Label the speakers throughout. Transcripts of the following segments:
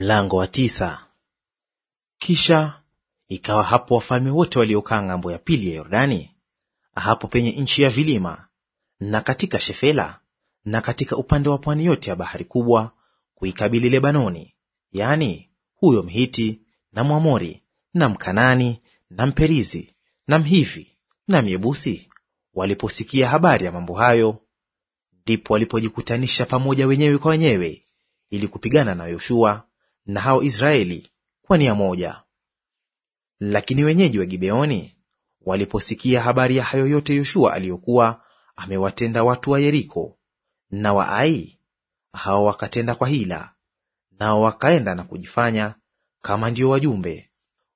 Speaker 1: Mlango wa tisa. Kisha ikawa hapo wafalme wote waliokaa ng'ambo ya pili ya Yordani, hapo penye nchi ya vilima, na katika Shefela, na katika upande wa pwani yote ya bahari kubwa, kuikabili Lebanoni, yaani huyo Mhiti na Mwamori na Mkanani na Mperizi na Mhivi na Myebusi, waliposikia habari ya mambo hayo, ndipo walipojikutanisha pamoja wenyewe kwa wenyewe ili kupigana na Yoshua na hao Israeli kwa nia moja. Lakini wenyeji wa Gibeoni waliposikia habari ya hayo yote Yoshua aliyokuwa amewatenda watu wa Yeriko na wa Ai, hao wakatenda kwa hila, nao wakaenda na kujifanya kama ndio wajumbe,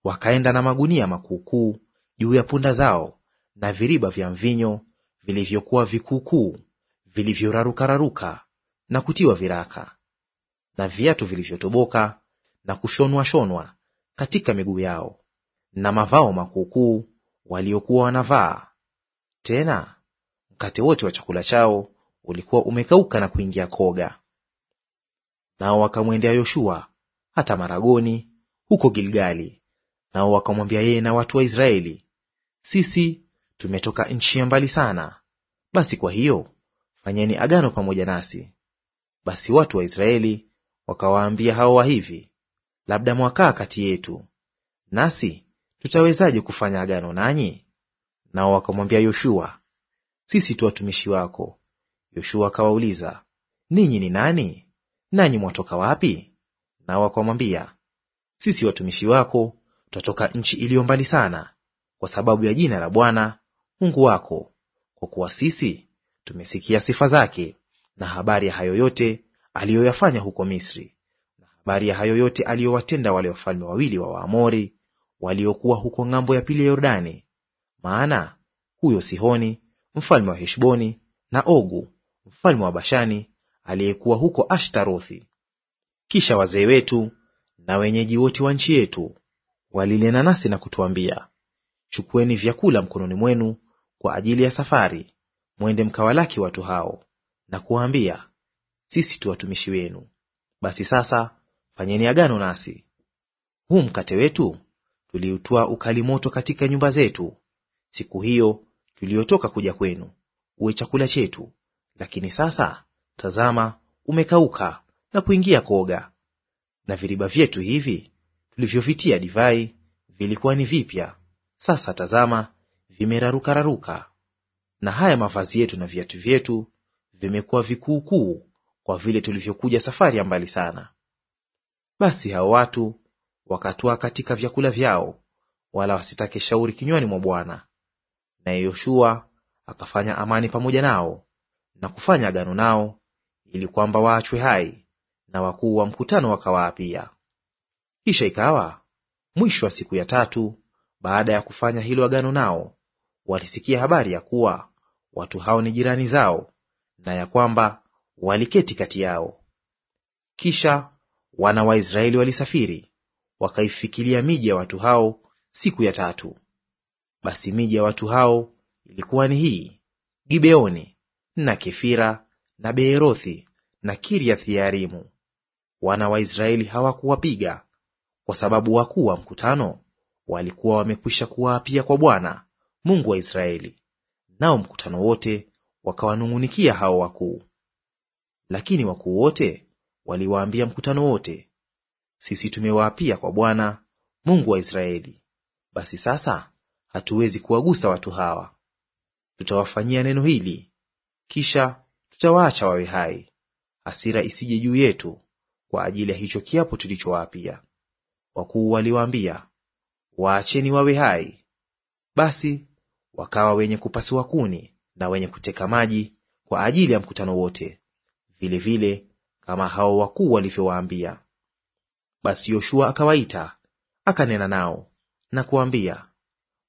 Speaker 1: wakaenda na magunia makuukuu juu ya punda zao na viriba vya mvinyo vilivyokuwa vikuukuu vilivyorarukararuka na kutiwa viraka na viatu vilivyotoboka na kushonwa-shonwa katika miguu yao, na mavao makuukuu waliokuwa wanavaa. Tena mkate wote wa chakula chao ulikuwa umekauka na kuingia koga. Nao wakamwendea Yoshua hata Maragoni huko Gilgali, nao wakamwambia yeye na watu wa Israeli, sisi tumetoka nchi ya mbali sana, basi kwa hiyo fanyeni agano pamoja nasi. Basi watu wa Israeli Wakawaambia hao Wahivi, labda mwakaa kati yetu, nasi tutawezaje kufanya agano nanyi? Nao wakamwambia Yoshua, sisi tu watumishi wako. Yoshua akawauliza, ninyi ni nani? Nanyi mwatoka wapi? Nao wakamwambia, sisi watumishi wako twatoka nchi iliyo mbali sana, kwa sababu ya jina la Bwana Mungu wako, kwa kuwa sisi tumesikia sifa zake na habari ya hayo yote aliyoyafanya huko Misri na habari ya hayo yote aliyowatenda wale wafalme wawili wa Waamori waliokuwa huko ng'ambo ya pili ya Yordani, maana huyo Sihoni mfalme wa Heshboni na Ogu mfalme wa Bashani aliyekuwa huko Ashtarothi. Kisha wazee wetu na wenyeji wote wa nchi yetu walinena nasi na kutuambia, chukueni vyakula mkononi mwenu kwa ajili ya safari, mwende mkawalaki watu hao, na kuwaambia, sisi tu watumishi wenu. Basi sasa fanyeni agano nasi. Huu mkate wetu tuliutwaa ukali moto katika nyumba zetu siku hiyo tuliyotoka kuja kwenu, uwe chakula chetu. Lakini sasa tazama, umekauka na kuingia koga. Na viriba vyetu hivi tulivyovitia divai vilikuwa ni vipya, sasa tazama, vimerarukararuka. Na haya mavazi yetu na viatu vyetu vimekuwa vikuukuu kwa vile tulivyokuja safari ya mbali sana. Basi hao watu wakatoa katika vyakula vyao, wala wasitake shauri kinywani mwa Bwana. Naye Yoshua akafanya amani pamoja nao na kufanya agano nao, ili kwamba waachwe hai, na wakuu wa mkutano wakawaapia. Kisha ikawa mwisho wa siku ya tatu baada ya kufanya hilo agano nao, walisikia habari ya kuwa watu hao ni jirani zao, na ya kwamba waliketi kati yao. Kisha wana wa Israeli walisafiri wakaifikilia miji ya watu hao siku ya tatu. Basi miji ya watu hao ilikuwa ni hii: Gibeoni na Kefira na Beerothi na Kiriath Yearimu. Wana wa Israeli hawakuwapiga kwa sababu wakuu wa mkutano walikuwa wamekwisha kuwaapia kwa Bwana Mungu wa Israeli, nao mkutano wote wakawanung'unikia hao wakuu. Lakini wakuu wote waliwaambia mkutano wote, sisi tumewaapia kwa Bwana Mungu wa Israeli, basi sasa hatuwezi kuwagusa watu hawa. Tutawafanyia neno hili, kisha tutawaacha wawe hai, hasira isije juu yetu kwa ajili ya hicho kiapo tulichowaapia. Wakuu waliwaambia, waacheni wawe hai. Basi wakawa wenye kupasua kuni na wenye kuteka maji kwa ajili ya mkutano wote vile vile kama hao wakuu walivyowaambia. Basi Yoshua akawaita akanena nao na kuambia,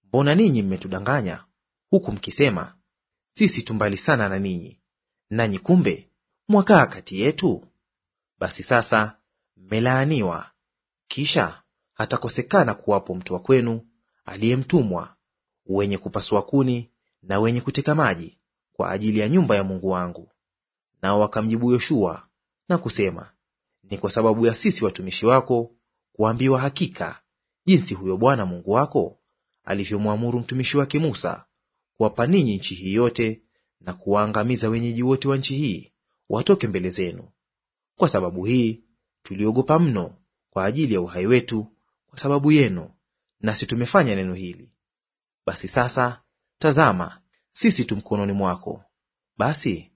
Speaker 1: mbona ninyi mmetudanganya huku mkisema, sisi tumbali sana na ninyi, nanyi kumbe mwakaa kati yetu? Basi sasa mmelaaniwa, kisha hatakosekana kuwapo mtu kwenu aliyemtumwa, wenye kupasua kuni na wenye kuteka maji, kwa ajili ya nyumba ya Mungu wangu. Nao wakamjibu Yoshua na kusema, ni kwa sababu ya sisi watumishi wako kuambiwa hakika jinsi huyo Bwana Mungu wako alivyomwamuru mtumishi wake Musa kuwapa ninyi nchi hii yote na kuwaangamiza wenyeji wote wa nchi hii watoke mbele zenu. Kwa sababu hii tuliogopa mno kwa ajili ya uhai wetu kwa sababu yenu, nasi tumefanya neno hili. Basi sasa, tazama, sisi tu mkononi mwako. Basi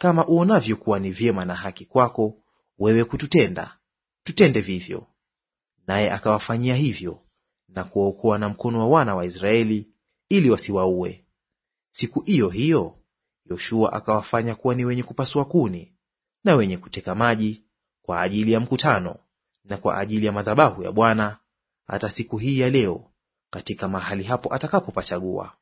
Speaker 1: kama uonavyo kuwa ni vyema na haki kwako wewe kututenda, tutende vivyo. Naye akawafanyia hivyo na kuwaokoa na mkono wa wana wa Israeli ili wasiwaue. Siku iyo hiyo Yoshua akawafanya kuwa ni wenye kupasua kuni na wenye kuteka maji kwa ajili ya mkutano na kwa ajili ya madhabahu ya Bwana hata siku hii ya leo katika mahali hapo atakapopachagua.